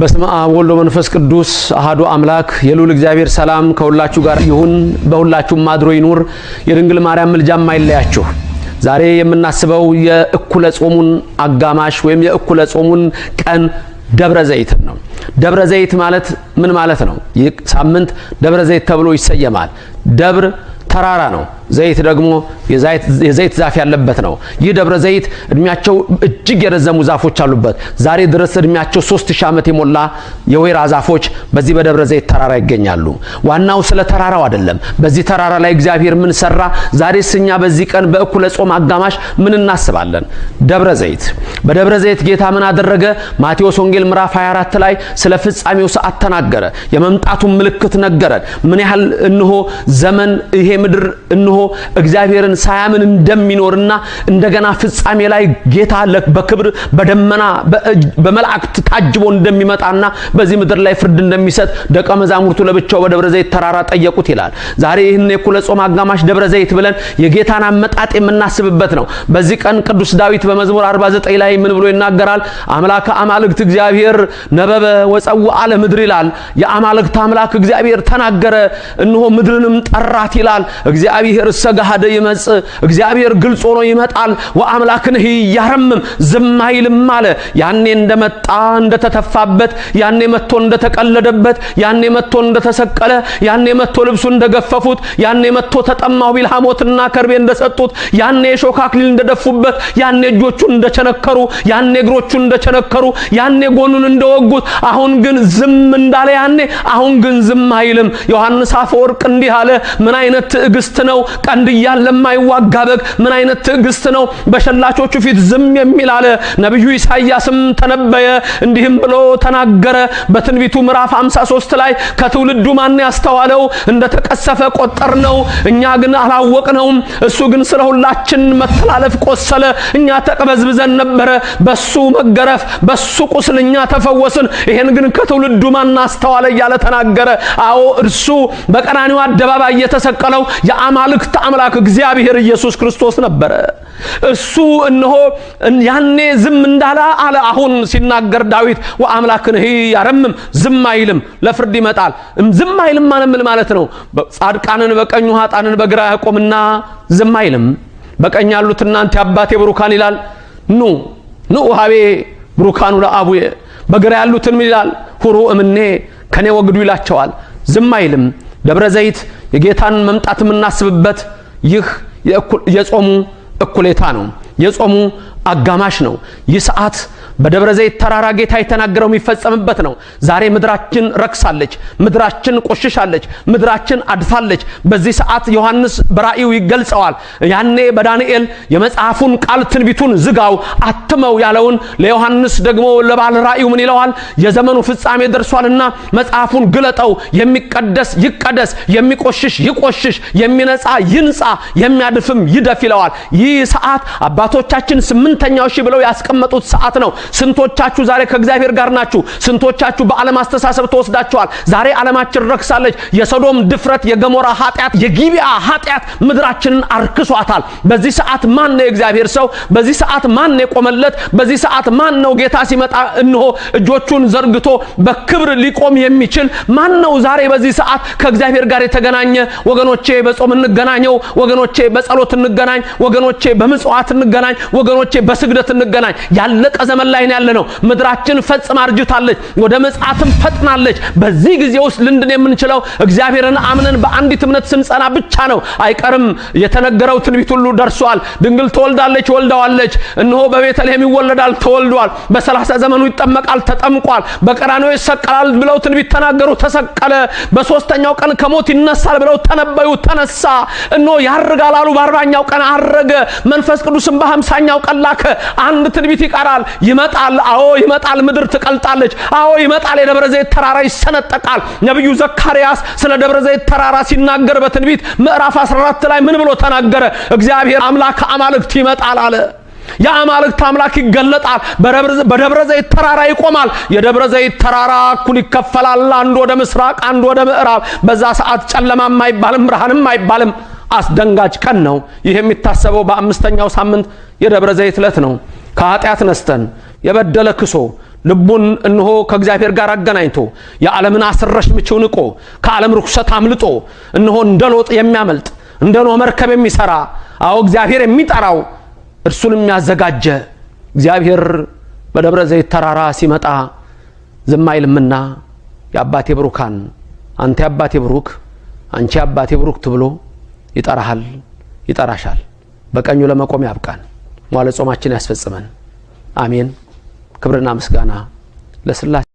በስመ አብ መንፈስ ቅዱስ አሃዱ አምላክ የልዑል እግዚአብሔር ሰላም ከሁላችሁ ጋር ይሁን፣ በሁላችሁም አድሮ ይኑር። የድንግል ማርያም ምልጃም አይለያችሁ። ዛሬ የምናስበው የእኩለ ጾሙን አጋማሽ ወይም የእኩለ ጾሙን ቀን ደብረ ዘይትን ነው። ደብረ ዘይት ማለት ምን ማለት ነው? ይህ ሳምንት ደብረ ዘይት ተብሎ ይሰየማል። ደብር ተራራ ነው። ዘይት ደግሞ የዘይት ዛፍ ያለበት ነው። ይህ ደብረ ዘይት እድሜያቸው እጅግ የረዘሙ ዛፎች አሉበት። ዛሬ ድረስ እድሜያቸው 3000 ዓመት የሞላ የወይራ ዛፎች በዚህ በደብረ ዘይት ተራራ ይገኛሉ። ዋናው ስለ ተራራው አይደለም። በዚህ ተራራ ላይ እግዚአብሔር ምን ሰራ? ዛሬ ስኛ በዚህ ቀን በእኩለ ጾም አጋማሽ ምን እናስባለን? ደብረ ዘይት። በደብረ ዘይት ጌታ ምን አደረገ? ማቴዎስ ወንጌል ምዕራፍ 24 ላይ ስለ ፍጻሜው ሰዓት ተናገረ። የመምጣቱን ምልክት ነገረን። ምን ያህል እንሆ ዘመን ይሄ ምድር እንሆ እግዚአብሔርን ሳያምን እንደሚኖርና እንደገና ፍጻሜ ላይ ጌታ በክብር በደመና በመላእክት ታጅቦ እንደሚመጣና በዚህ ምድር ላይ ፍርድ እንደሚሰጥ ደቀ መዛሙርቱ ለብቻው በደብረ ዘይት ተራራ ጠየቁት ይላል። ዛሬ ይህን የኩለ ጾም አጋማሽ ደብረ ዘይት ብለን የጌታን አመጣጥ የምናስብበት ነው። በዚህ ቀን ቅዱስ ዳዊት በመዝሙር 49 ላይ ምን ብሎ ይናገራል? አምላከ አማልክት እግዚአብሔር ነበበ ወፀውአ ለምድር ይላል። የአማልክት አምላክ እግዚአብሔር ተናገረ፣ እንሆ ምድርንም ጠራት ይላል። እግዚአብሔር ሰጋሃደ ይመጽ እግዚአብሔር ግልጽ ሆኖ ይመጣል። ወአምላክንህ እያረምም ዝም አይልም አለ። ያኔ እንደመጣ እንደተተፋበት፣ ያኔ መጥቶ እንደተቀለደበት፣ ያኔ መጥቶ እንደተሰቀለ፣ ያኔ መጥቶ ልብሱ እንደገፈፉት፣ ያኔ መጥቶ ተጠማው ቢል ሐሞትና ከርቤ እንደሰጡት፣ ያኔ የሾህ አክሊል እንደደፉበት፣ ያኔ እጆቹን እንደቸነከሩ፣ ያኔ እግሮቹን እንደቸነከሩ፣ ያኔ ጎኑን እንደወጉት፣ አሁን ግን ዝም እንዳለ ያኔ አሁን ግን ዝም አይልም። ዮሐንስ አፈወርቅ እንዲህ አለ። ምን አይነት ትዕግስት ነው? ቀንድ እያለ ለማይዋጋ በግ ምን አይነት ትዕግስት ነው? በሸላቾቹ ፊት ዝም የሚል አለ። ነቢዩ ኢሳይያስም ተነበየ፣ እንዲህም ብሎ ተናገረ በትንቢቱ ምዕራፍ 53 ላይ ከትውልዱ ማን ያስተዋለው እንደ ተቀሰፈ ቆጠር ነው፣ እኛ ግን አላወቅነውም። እሱ ግን ስለ ሁላችን መተላለፍ ቆሰለ፣ እኛ ተቅበዝብዘን ነበረ። በሱ መገረፍ በሱ ቁስል እኛ ተፈወስን። ይሄን ግን ከትውልዱ ማን አስተዋለ እያለ ተናገረ። አዎ እርሱ በቀራኒው አደባባይ የተሰቀለው የአማልክት አምላክ እግዚአብሔር ኢየሱስ ክርስቶስ ነበረ። እሱ እነሆ ያኔ ዝም እንዳላ አለ አሁን ሲናገር ዳዊት ወአምላክንህ ያረምም ዝም አይልም፣ ለፍርድ ይመጣል። ዝም አይልም ማለምን ማለት ነው። ጻድቃንን በቀኙ ኃጣንን በግራ ያቆምና ዝም አይልም። በቀኝ ያሉት እናንተ አባቴ ብሩካን ይላል። ኑ ኑ ሀቤ ብሩካኑ ለአቡየ በግራ ያሉትን ምን ይላል? ሁሩ እምኔ ከኔ ወግዱ ይላቸዋል። ዝም አይልም። ደብረ ዘይት የጌታን መምጣት የምናስብበት ይህ የጾሙ እኩሌታ ነው። የጾሙ አጋማሽ ነው። ይህ ሰዓት በደብረ ዘይት ተራራ ጌታ የተናገረው የሚፈጸምበት ነው። ዛሬ ምድራችን ረክሳለች፣ ምድራችን ቆሽሻለች፣ ምድራችን አድፋለች። በዚህ ሰዓት ዮሐንስ በራእዩ ይገልጸዋል። ያኔ በዳንኤል የመጽሐፉን ቃል ትንቢቱን ዝጋው አትመው ያለውን ለዮሐንስ ደግሞ ለባለ ራእዩ ምን ይለዋል? የዘመኑ ፍጻሜ ደርሷልና መጽሐፉን ግለጠው፣ የሚቀደስ ይቀደስ፣ የሚቆሽሽ ይቆሽሽ፣ የሚነጻ ይንጻ፣ የሚያድፍም ይደፍ ይለዋል። ይህ ሰዓት አባቶቻችን ስምንተኛው ሺህ ብለው ያስቀመጡት ሰዓት ነው። ስንቶቻችሁ ዛሬ ከእግዚአብሔር ጋር ናችሁ? ስንቶቻችሁ በዓለም አስተሳሰብ ተወስዳችኋል? ዛሬ ዓለማችን ረክሳለች። የሰዶም ድፍረት፣ የገሞራ ኃጢአት፣ የጊቢያ ኃጢአት ምድራችንን አርክሷታል። በዚህ ሰዓት ማን ነው የእግዚአብሔር ሰው? በዚህ ሰዓት ማን ነው የቆመለት? በዚህ ሰዓት ማን ነው ጌታ ሲመጣ እንሆ እጆቹን ዘርግቶ በክብር ሊቆም የሚችል ማን ነው? ዛሬ በዚህ ሰዓት ከእግዚአብሔር ጋር የተገናኘ ወገኖቼ፣ በጾም እንገናኘው ወገኖቼ፣ በጸሎት እንገናኝ ወገኖቼ፣ በምጽዋት እንገናኝ ወገኖቼ፣ በስግደት እንገናኝ። ያለቀ ዘመን ላይ ነው ምድራችን ፈጽማ አርጅታለች፣ ወደ ምጽአትም ፈጥናለች። በዚህ ጊዜ ውስጥ ልንድን የምንችለው እግዚአብሔርን አምነን በአንዲት እምነት ስንጸና ብቻ ነው። አይቀርም፣ የተነገረው ትንቢት ሁሉ ደርሷል። ድንግል ትወልዳለች፣ ወልዳዋለች። እነሆ በቤተልሔም ይወለዳል፣ ተወልዷል። በሰላሳ ዘመኑ ይጠመቃል፣ ተጠምቋል። በቀራንዮ ይሰቀላል ብለው ትንቢት ተናገሩ፣ ተሰቀለ። በሶስተኛው ቀን ከሞት ይነሳል ብለው ተነበዩ፣ ተነሳ። እነሆ ያርጋል አሉ፣ በአርባኛው ቀን አረገ። መንፈስ ቅዱስም በሀምሳኛው ቀን ላከ። አንድ ትንቢት ይቀራል። ይመጣል። አዎ ይመጣል። ምድር ትቀልጣለች። አዎ ይመጣል። የደብረ ዘይት ተራራ ይሰነጠቃል። ነቢዩ ዘካርያስ ስለ ደብረ ዘይት ተራራ ሲናገር በትንቢት ምዕራፍ 14 ላይ ምን ብሎ ተናገረ? እግዚአብሔር አምላክ አማልክት ይመጣል አለ። የአማልክት አምላክ ይገለጣል። በደብረ ዘይት ተራራ ይቆማል። የደብረ ዘይት ተራራ እኩል ይከፈላል። አንድ ወደ ምስራቅ፣ አንድ ወደ ምዕራብ። በዛ ሰዓት ጨለማም አይባልም፣ ብርሃንም አይባልም። አስደንጋጭ ቀን ነው። ይህ የሚታሰበው በአምስተኛው ሳምንት የደብረ ዘይት ዕለት ነው። ከኃጢአት ነስተን የበደለ ክሶ ልቡን እንሆ ከእግዚአብሔር ጋር አገናኝቶ የዓለምን አስረሽ ምችው ንቆ ከዓለም ርኩሰት አምልጦ እንሆ እንደ ሎጥ የሚያመልጥ እንደ ኖህ መርከብ የሚሰራ አዎ እግዚአብሔር የሚጠራው እርሱን የሚያዘጋጀ እግዚአብሔር በደብረ ዘይት ተራራ ሲመጣ ዝም አይልምና የአባቴ ብሩካን አንተ የአባቴ ብሩክ አንቺ የአባቴ ብሩክ ትብሎ ይጠራሃል ይጠራሻል። በቀኙ ለመቆም ያብቃን። ሟለ ጾማችን ያስፈጽመን። አሜን። ክብርና ምስጋና ለስላ